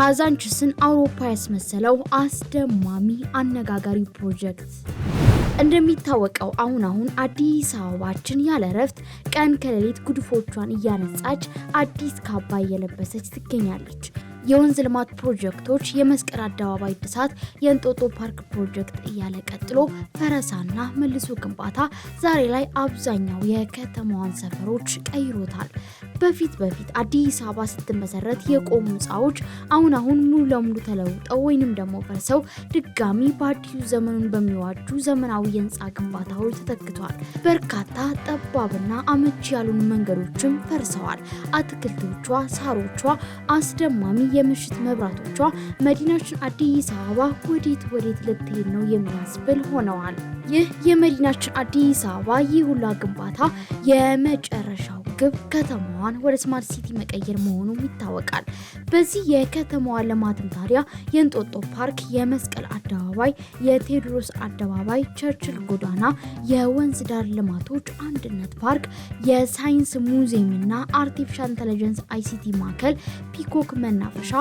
ካዛንችስን አውሮፓ ያስመሰለው አስደማሚ አነጋጋሪ ፕሮጀክት እንደሚታወቀው አሁን አሁን አዲስ አበባችን ያለ እረፍት ቀን ከሌሊት ጉድፎቿን እያነጻች አዲስ ካባ እየለበሰች ትገኛለች። የወንዝ ልማት ፕሮጀክቶች፣ የመስቀል አደባባይ እድሳት፣ የእንጦጦ ፓርክ ፕሮጀክት እያለ ቀጥሎ ፈረሳና መልሶ ግንባታ ዛሬ ላይ አብዛኛው የከተማዋን ሰፈሮች ቀይሮታል። በፊት በፊት አዲስ አበባ ስትመሰረት የቆሙ ህንፃዎች አሁን አሁን ሙሉ ለሙሉ ተለውጠው ወይንም ደግሞ ፈርሰው ድጋሚ በአዲሱ ዘመኑን በሚዋጁ ዘመናዊ የህንፃ ግንባታዎች ተተክተዋል። በርካታ ጠባብና አመቺ ያሉን መንገዶችም ፈርሰዋል። አትክልቶቿ፣ ሳሮቿ፣ አስደማሚ የምሽት መብራቶቿ መዲናችን አዲስ አበባ ወዴት ወዴት ልትሄድ ነው የሚያስብል ሆነዋል። ይህ የመዲናችን አዲስ አበባ ይህ ሁላ ግንባታ የመጨረሻው ግብ ከተማዋን ወደ ስማርት ሲቲ መቀየር መሆኑም ይታወቃል። በዚህ የከተማዋ ልማትም ታዲያ የእንጦጦ ፓርክ፣ የመስቀል አደባባይ፣ የቴዎድሮስ አደባባይ፣ ቸርችል ጎዳና፣ የወንዝ ዳር ልማቶች፣ አንድነት ፓርክ፣ የሳይንስ ሙዚየም ና አርቲፊሻል ኢንተለጀንስ አይሲቲ ማዕከል፣ ፒኮክ መናፈሻ፣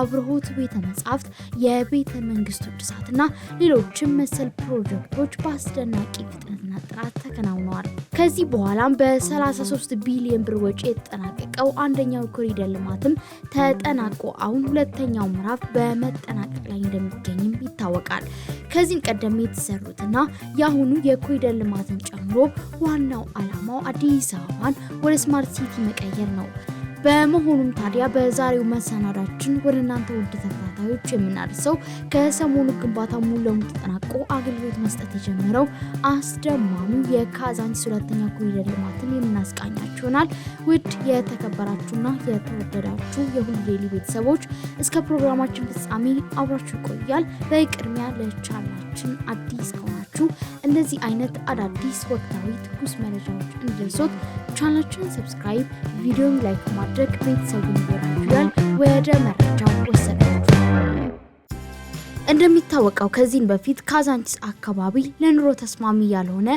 አብርሆት ቤተ መጻሕፍት፣ የቤተ መንግስቱ እድሳትና ሌሎችም መሰል ፕሮጀክቶች በአስደናቂ ፍጥነትና ጥራት ተከናውነዋል። ከዚህ በኋላም በ33 ቢሊዮን ቢሊዮን ብር ወጪ የተጠናቀቀው አንደኛው ኮሪደር ልማትም ተጠናቆ አሁን ሁለተኛው ምዕራፍ በመጠናቀቅ ላይ እንደሚገኝም ይታወቃል። ከዚህም ቀደም የተሰሩትና የአሁኑ የኮሪደር ልማትን ጨምሮ ዋናው ዓላማው አዲስ አበባን ወደ ስማርት ሲቲ መቀየር ነው። በመሆኑም ታዲያ በዛሬው መሰናዳችን ወደ እናንተ ውድ ተከታታዮች የምናደርሰው ከሰሞኑ ግንባታ ሙሉ ለሙሉ ተጠናቆ አገልግሎት መስጠት የጀመረው አስደማሙ የካዛንቺስ ሁለተኛ ኮሪደር ልማትን የምናስቃኛችሁ ይሆናል። ውድ የተከበራችሁና የተወደዳችሁ የሁሉ ዴይሊ ቤተሰቦች እስከ ፕሮግራማችን ፍጻሜ አብራችሁ ይቆያል። በቅድሚያ ለቻና ቻናላችን አዲስ ከሆናችሁ እንደዚህ አይነት አዳዲስ ወቅታዊ ትኩስ መረጃዎች እንድንሶት ቻናችን ሰብስክራይብ፣ ቪዲዮን ላይክ ማድረግ ቤተሰቡን ይወዳል። ወደ መረጃ እንደሚታወቀው ከዚህን በፊት ካዛንቺስ አካባቢ ለኑሮ ተስማሚ ያልሆነ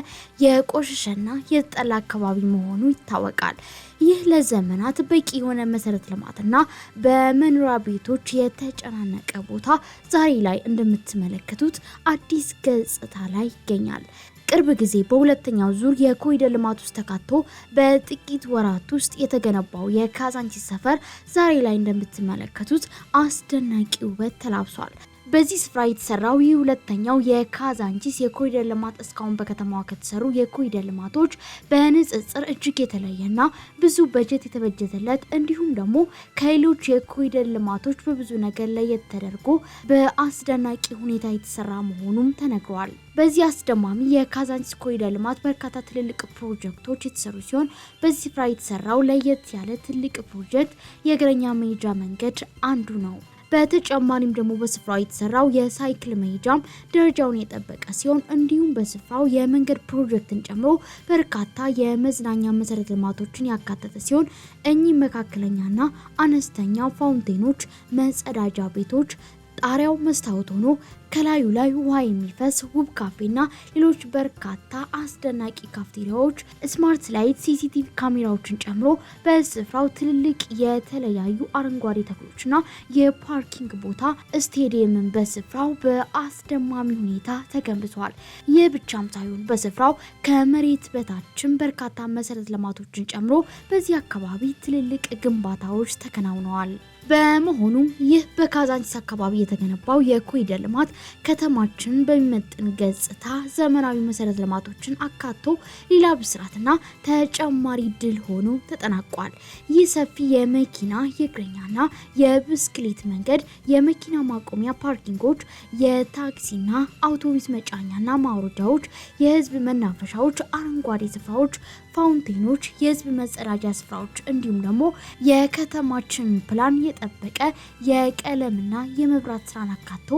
የቆሸሸና የተጠላ አካባቢ መሆኑ ይታወቃል። ይህ ለዘመናት በቂ የሆነ መሰረተ ልማትና በመኖሪያ ቤቶች የተጨናነቀ ቦታ ዛሬ ላይ እንደምትመለከቱት አዲስ ገጽታ ላይ ይገኛል። ቅርብ ጊዜ በሁለተኛው ዙር የኮሪደር ልማት ውስጥ ተካቶ በጥቂት ወራት ውስጥ የተገነባው የካዛንቺስ ሰፈር ዛሬ ላይ እንደምትመለከቱት አስደናቂ ውበት ተላብሷል። በዚህ ስፍራ የተሰራው ይህ ሁለተኛው የካዛንቺስ የኮሪደር ልማት እስካሁን በከተማዋ ከተሰሩ የኮሪደር ልማቶች በንጽጽር እጅግ የተለየና ብዙ በጀት የተበጀተለት እንዲሁም ደግሞ ከሌሎች የኮሪደር ልማቶች በብዙ ነገር ለየት ተደርጎ በአስደናቂ ሁኔታ የተሰራ መሆኑም ተነግሯል። በዚህ አስደማሚ የካዛንቺስ ኮሪደር ልማት በርካታ ትልልቅ ፕሮጀክቶች የተሰሩ ሲሆን በዚህ ስፍራ የተሰራው ለየት ያለ ትልቅ ፕሮጀክት የእግረኛ መሄጃ መንገድ አንዱ ነው። በተጨማሪም ደግሞ በስፍራው የተሰራው የሳይክል መሄጃም ደረጃውን የጠበቀ ሲሆን እንዲሁም በስፍራው የመንገድ ፕሮጀክትን ጨምሮ በርካታ የመዝናኛ መሰረተ ልማቶችን ያካተተ ሲሆን እኚህ መካከለኛና አነስተኛ ፋውንቴኖች፣ መጸዳጃ ቤቶች፣ ጣሪያው መስታወት ሆኖ ከላዩ ላይ ውሃ የሚፈስ ውብ ካፌና ሌሎች በርካታ አስደናቂ ካፍቴሪያዎች ስማርት ላይት፣ ሲሲቲቪ ካሜራዎችን ጨምሮ በስፍራው ትልልቅ የተለያዩ አረንጓዴ ተክሎችና የፓርኪንግ ቦታ ስቴዲየምን በስፍራው በአስደማሚ ሁኔታ ተገንብቷል። ይህ ብቻም ሳይሆን በስፍራው ከመሬት በታችም በርካታ መሰረተ ልማቶችን ጨምሮ በዚህ አካባቢ ትልልቅ ግንባታዎች ተከናውነዋል። በመሆኑም ይህ በካዛንቺስ አካባቢ የተገነባው የኮሪደር ልማት ከተማችን በሚመጥን ገጽታ ዘመናዊ መሰረተ ልማቶችን አካቶ ሌላ ብስራትና ተጨማሪ ድል ሆኖ ተጠናቋል። ይህ ሰፊ የመኪና የእግረኛና የብስክሌት መንገድ፣ የመኪና ማቆሚያ ፓርኪንጎች፣ የታክሲና አውቶቡስ መጫኛና ማውረጃዎች፣ የህዝብ መናፈሻዎች፣ አረንጓዴ ስፍራዎች ፋውንቴኖች፣ የህዝብ መጸዳጃ ስፍራዎች እንዲሁም ደግሞ የከተማችን ፕላን የጠበቀ የቀለምና የመብራት ስራን አካቶ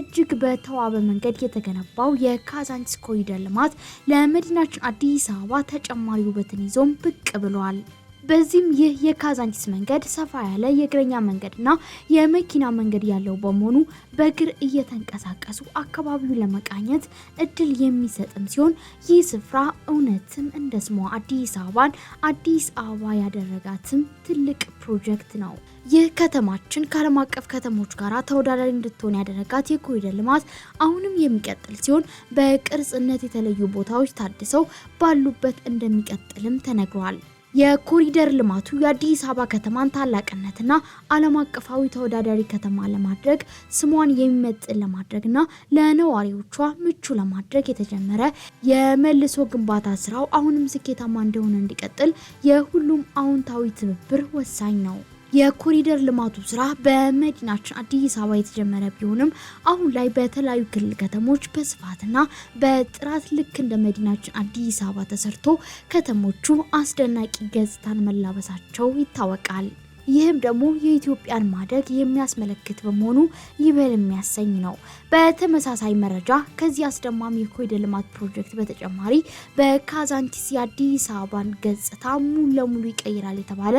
እጅግ በተዋበ መንገድ የተገነባው የካዛንቺስ ኮሪደር ልማት ለመዲናችን አዲስ አበባ ተጨማሪ ውበትን ይዞም ብቅ ብሏል። በዚህም ይህ የካዛንቺስ መንገድ ሰፋ ያለ የእግረኛ መንገድና የመኪና መንገድ ያለው በመሆኑ በእግር እየተንቀሳቀሱ አካባቢውን ለመቃኘት እድል የሚሰጥም ሲሆን ይህ ስፍራ እውነትም እንደ ስሟ አዲስ አበባን አዲስ አበባ ያደረጋትም ትልቅ ፕሮጀክት ነው። ይህ ከተማችን ከዓለም አቀፍ ከተሞች ጋር ተወዳዳሪ እንድትሆን ያደረጋት የኮሪደር ልማት አሁንም የሚቀጥል ሲሆን በቅርጽነት የተለዩ ቦታዎች ታድሰው ባሉበት እንደሚቀጥልም ተነግሯል። የኮሪደር ልማቱ የአዲስ አበባ ከተማን ታላቅነትና ዓለም አቀፋዊ ተወዳዳሪ ከተማ ለማድረግ ስሟን የሚመጥን ለማድረግና ለነዋሪዎቿ ምቹ ለማድረግ የተጀመረ የመልሶ ግንባታ ስራው አሁንም ስኬታማ እንደሆነ እንዲቀጥል የሁሉም አዎንታዊ ትብብር ወሳኝ ነው። የኮሪደር ልማቱ ስራ በመዲናችን አዲስ አበባ የተጀመረ ቢሆንም አሁን ላይ በተለያዩ ክልል ከተሞች በስፋትና በጥራት ልክ እንደ መዲናችን አዲስ አበባ ተሰርቶ ከተሞቹ አስደናቂ ገጽታን መላበሳቸው ይታወቃል። ይህም ደግሞ የኢትዮጵያን ማደግ የሚያስመለክት በመሆኑ ይበል የሚያሰኝ ነው። በተመሳሳይ መረጃ ከዚህ አስደማሚ የኮሪደር ልማት ፕሮጀክት በተጨማሪ በካዛንቺስ የአዲስ አበባን ገጽታ ሙሉ ለሙሉ ይቀይራል የተባለ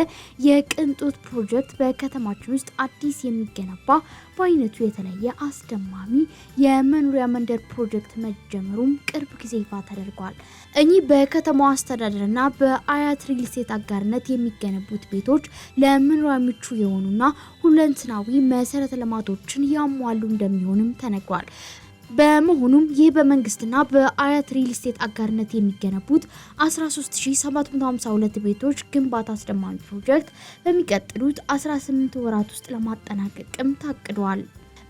የቅንጦት ፕሮጀክት በከተማችን ውስጥ አዲስ የሚገነባ በአይነቱ የተለየ አስደማሚ የመኖሪያ መንደር ፕሮጀክት መጀመሩም ቅርብ ጊዜ ይፋ ተደርጓል። እኚህ በከተማው አስተዳደርና በአያት ሪልስቴት አጋርነት የሚገነቡት ቤቶች ለምን ለኑሮ ምቹ የሆኑና ሁለንትናዊ መሰረተ ልማቶችን ያሟሉ እንደሚሆንም ተነግሯል። በመሆኑም ይህ በመንግስትና በአያት ሪል ስቴት አጋርነት የሚገነቡት 13752 ቤቶች ግንባታ አስደማሚ ፕሮጀክት በሚቀጥሉት 18 ወራት ውስጥ ለማጠናቀቅም ታቅደዋል።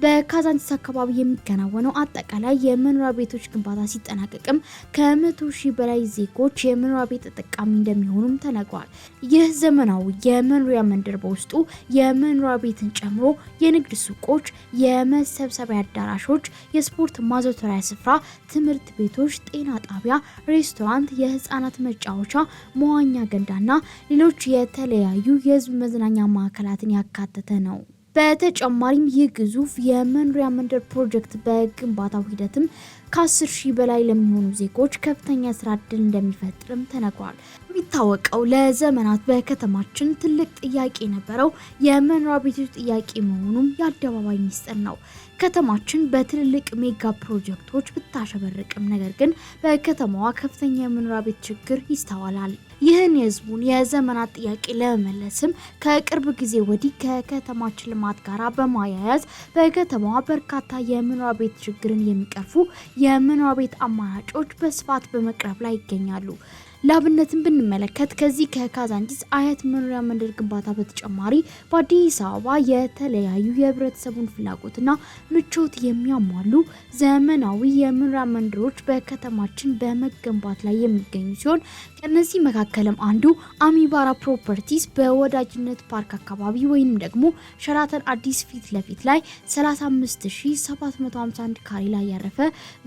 በካዛንቺስ አካባቢ የሚከናወነው አጠቃላይ የመኖሪያ ቤቶች ግንባታ ሲጠናቀቅም ከመቶ ሺህ በላይ ዜጎች የመኖሪያ ቤት ተጠቃሚ እንደሚሆኑም ተነግሯል። ይህ ዘመናዊ የመኖሪያ መንደር በውስጡ የመኖሪያ ቤትን ጨምሮ የንግድ ሱቆች፣ የመሰብሰቢያ አዳራሾች፣ የስፖርት ማዘውተሪያ ስፍራ፣ ትምህርት ቤቶች፣ ጤና ጣቢያ፣ ሬስቶራንት፣ የህፃናት መጫወቻ፣ መዋኛ ገንዳና ሌሎች የተለያዩ የህዝብ መዝናኛ ማዕከላትን ያካተተ ነው። በተጨማሪም ይህ ግዙፍ የመኖሪያ መንደር ፕሮጀክት በግንባታው ሂደትም ከ10 ሺህ በላይ ለሚሆኑ ዜጎች ከፍተኛ ስራ እድል እንደሚፈጥርም ተነግሯል። የሚታወቀው ለዘመናት በከተማችን ትልቅ ጥያቄ የነበረው የመኖሪያ ቤቶች ጥያቄ መሆኑም የአደባባይ ሚስጥር ነው። ከተማችን በትልልቅ ሜጋ ፕሮጀክቶች ብታሸበርቅም ነገር ግን በከተማዋ ከፍተኛ የመኖሪያ ቤት ችግር ይስተዋላል። ይህን የህዝቡን የዘመናት ጥያቄ ለመመለስም ከቅርብ ጊዜ ወዲህ ከከተማችን ልማት ጋር በማያያዝ በከተማዋ በርካታ የመኖሪያ ቤት ችግርን የሚቀርፉ የመኖሪያ ቤት አማራጮች በስፋት በመቅረብ ላይ ይገኛሉ። ለአብነትን ብንመለከት ከዚህ ከካዛንቺስ አያት መኖሪያ መንደር ግንባታ በተጨማሪ በአዲስ አበባ የተለያዩ የህብረተሰቡን ፍላጎትና ምቾት የሚያሟሉ ዘመናዊ የመኖሪያ መንደሮች በከተማችን በመገንባት ላይ የሚገኙ ሲሆን ከነዚህ መካከልም አንዱ አሚባራ ፕሮፐርቲስ በወዳጅነት ፓርክ አካባቢ ወይም ደግሞ ሸራተን አዲስ ፊት ለፊት ላይ 35751 ካሬ ላይ ያረፈ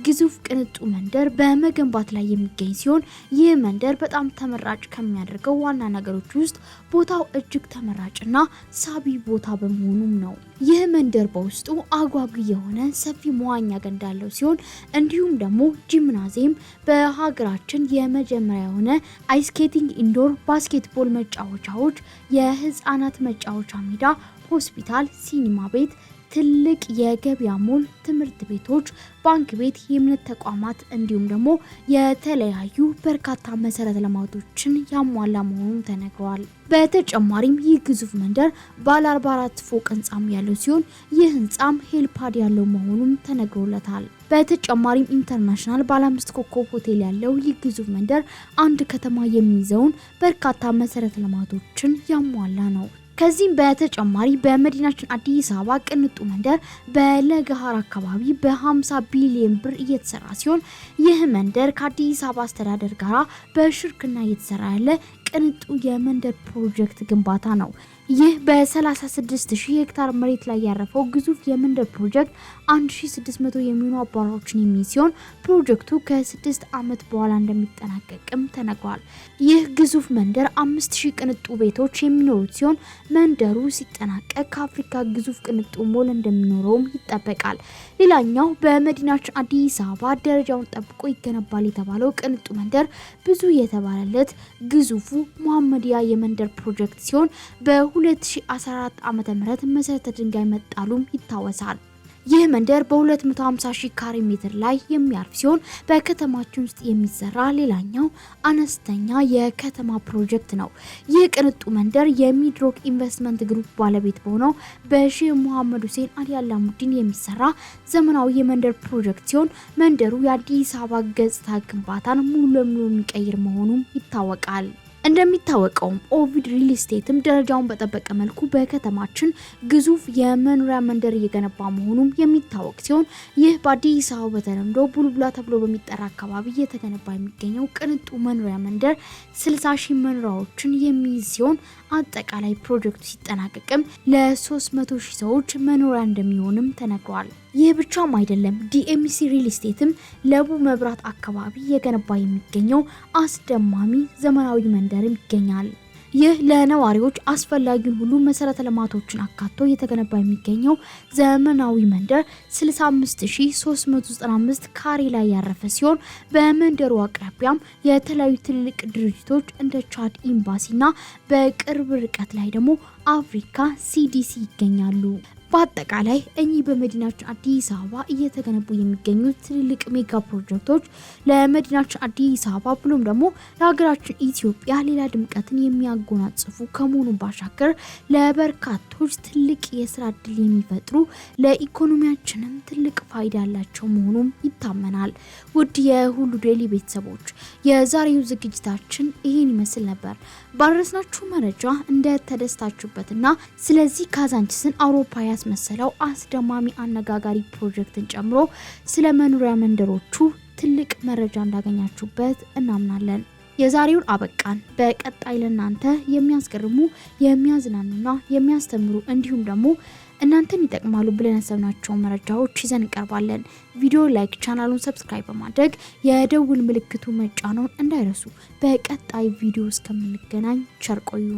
ግዙፍ ቅንጡ መንደር በመገንባት ላይ የሚገኝ ሲሆን ይህ መንደር መንደር በጣም ተመራጭ ከሚያደርገው ዋና ነገሮች ውስጥ ቦታው እጅግ ተመራጭና ሳቢ ቦታ በመሆኑም ነው። ይህ መንደር በውስጡ አጓጊ የሆነ ሰፊ መዋኛ ገንዳ ያለው ሲሆን እንዲሁም ደግሞ ጂምናዚየም፣ በሀገራችን የመጀመሪያ የሆነ አይስኬቲንግ፣ ኢንዶር ባስኬትቦል መጫወቻዎች፣ የህፃናት መጫወቻ ሜዳ፣ ሆስፒታል፣ ሲኒማ ቤት ትልቅ የገበያ ሞል፣ ትምህርት ቤቶች፣ ባንክ ቤት፣ የእምነት ተቋማት እንዲሁም ደግሞ የተለያዩ በርካታ መሰረተ ልማቶችን ያሟላ መሆኑ ተነግረዋል። በተጨማሪም ይህ ግዙፍ መንደር ባለ 44 ፎቅ ህንጻም ያለው ሲሆን ይህ ህንጻም ሄልፓድ ያለው መሆኑም ተነግሮለታል። በተጨማሪም ኢንተርናሽናል ባለ አምስት ኮከብ ሆቴል ያለው ይህ ግዙፍ መንደር አንድ ከተማ የሚይዘውን በርካታ መሰረተ ልማቶችን ያሟላ ነው። ከዚህም በተጨማሪ በመዲናችን አዲስ አበባ ቅንጡ መንደር በለገሃር አካባቢ በ50 ቢሊዮን ብር እየተሰራ ሲሆን ይህ መንደር ከአዲስ አበባ አስተዳደር ጋር በሽርክና እየተሰራ ያለ ቅንጡ የመንደር ፕሮጀክት ግንባታ ነው። ይህ በ36 ሺህ ሄክታር መሬት ላይ ያረፈው ግዙፍ የመንደር ፕሮጀክት 1600 የሚሆኑ አባራዎችን የሚይዝ ሲሆን ፕሮጀክቱ ከስድስት ዓመት በኋላ እንደሚጠናቀቅም ተነግሯል። ይህ ግዙፍ መንደር 5000 ቅንጡ ቤቶች የሚኖሩት ሲሆን መንደሩ ሲጠናቀቅ ከአፍሪካ ግዙፍ ቅንጡ ሞል እንደሚኖረውም ይጠበቃል። ሌላኛው በመዲናችን አዲስ አበባ ደረጃውን ጠብቆ ይገነባል የተባለው ቅንጡ መንደር ብዙ የተባለለት ግዙፉ መሀመዲያ የመንደር ፕሮጀክት ሲሆን በ 2014 ዓ.ም መሰረተ ድንጋይ መጣሉም ይታወሳል። ይህ መንደር በ250 ካሬ ሜትር ላይ የሚያርፍ ሲሆን በከተማችን ውስጥ የሚሰራ ሌላኛው አነስተኛ የከተማ ፕሮጀክት ነው። ይህ ቅንጡ መንደር የሚድሮክ ኢንቨስትመንት ግሩፕ ባለቤት በሆነው በሼህ ሙሐመድ ሁሴን አሊ አላሙዲን የሚሰራ ዘመናዊ የመንደር ፕሮጀክት ሲሆን መንደሩ የአዲስ አበባ ገጽታ ግንባታን ሙሉ ለሙሉ የሚቀይር መሆኑም ይታወቃል። እንደሚታወቀውም ኦቪድ ሪል ስቴትም ደረጃውን በጠበቀ መልኩ በከተማችን ግዙፍ የመኖሪያ መንደር እየገነባ መሆኑም የሚታወቅ ሲሆን ይህ በአዲስ አበባ በተለምዶ ቡልቡላ ተብሎ በሚጠራ አካባቢ እየተገነባ የሚገኘው ቅንጡ መኖሪያ መንደር 60 ሺህ መኖሪያዎችን የሚይዝ ሲሆን አጠቃላይ ፕሮጀክቱ ሲጠናቀቅም ለ300 ሺህ ሰዎች መኖሪያ እንደሚሆንም ተነግሯል። ይህ ብቻም አይደለም። ዲኤምሲ ሪል ስቴትም ለቡ መብራት አካባቢ የገነባ የሚገኘው አስደማሚ ዘመናዊ መንደርም ይገኛል። ይህ ለነዋሪዎች አስፈላጊውን ሁሉ መሰረተ ልማቶችን አካቶ እየተገነባ የሚገኘው ዘመናዊ መንደር 65395 ካሬ ላይ ያረፈ ሲሆን በመንደሩ አቅራቢያም የተለያዩ ትልቅ ድርጅቶች እንደ ቻድ ኤምባሲና በቅርብ ርቀት ላይ ደግሞ አፍሪካ ሲዲሲ ይገኛሉ። በአጠቃላይ እኚህ በመዲናችን አዲስ አበባ እየተገነቡ የሚገኙ ትልልቅ ሜጋ ፕሮጀክቶች ለመዲናችን አዲስ አበባ ብሎም ደግሞ ለሀገራችን ኢትዮጵያ ሌላ ድምቀትን የሚያጎናጽፉ ከመሆኑ ባሻገር ለበርካቶች ትልቅ የስራ እድል የሚፈጥሩ ለኢኮኖሚያችንም ትልቅ ፋይዳ ያላቸው መሆኑም ይታመናል። ውድ የሁሉ ዴይሊ ቤተሰቦች የዛሬው ዝግጅታችን ይህን ይመስል ነበር። ባደረስናችሁ መረጃ እንደተደስታችሁበትና ስለዚህ ካዛንችስን አውሮፓ ያስመሰለው አስደማሚ አነጋጋሪ ፕሮጀክትን ጨምሮ ስለ መኖሪያ መንደሮቹ ትልቅ መረጃ እንዳገኛችሁበት እናምናለን። የዛሬውን አበቃን። በቀጣይ ለእናንተ የሚያስገርሙ የሚያዝናኑና የሚያስተምሩ እንዲሁም ደግሞ እናንተን ይጠቅማሉ ብለን ያሰብናቸውን መረጃዎች ይዘን እንቀርባለን። ቪዲዮ ላይክ፣ ቻናሉን ሰብስክራይብ በማድረግ የደውል ምልክቱ መጫነውን እንዳይረሱ። በቀጣይ ቪዲዮ እስከምንገናኝ ቸርቆዩ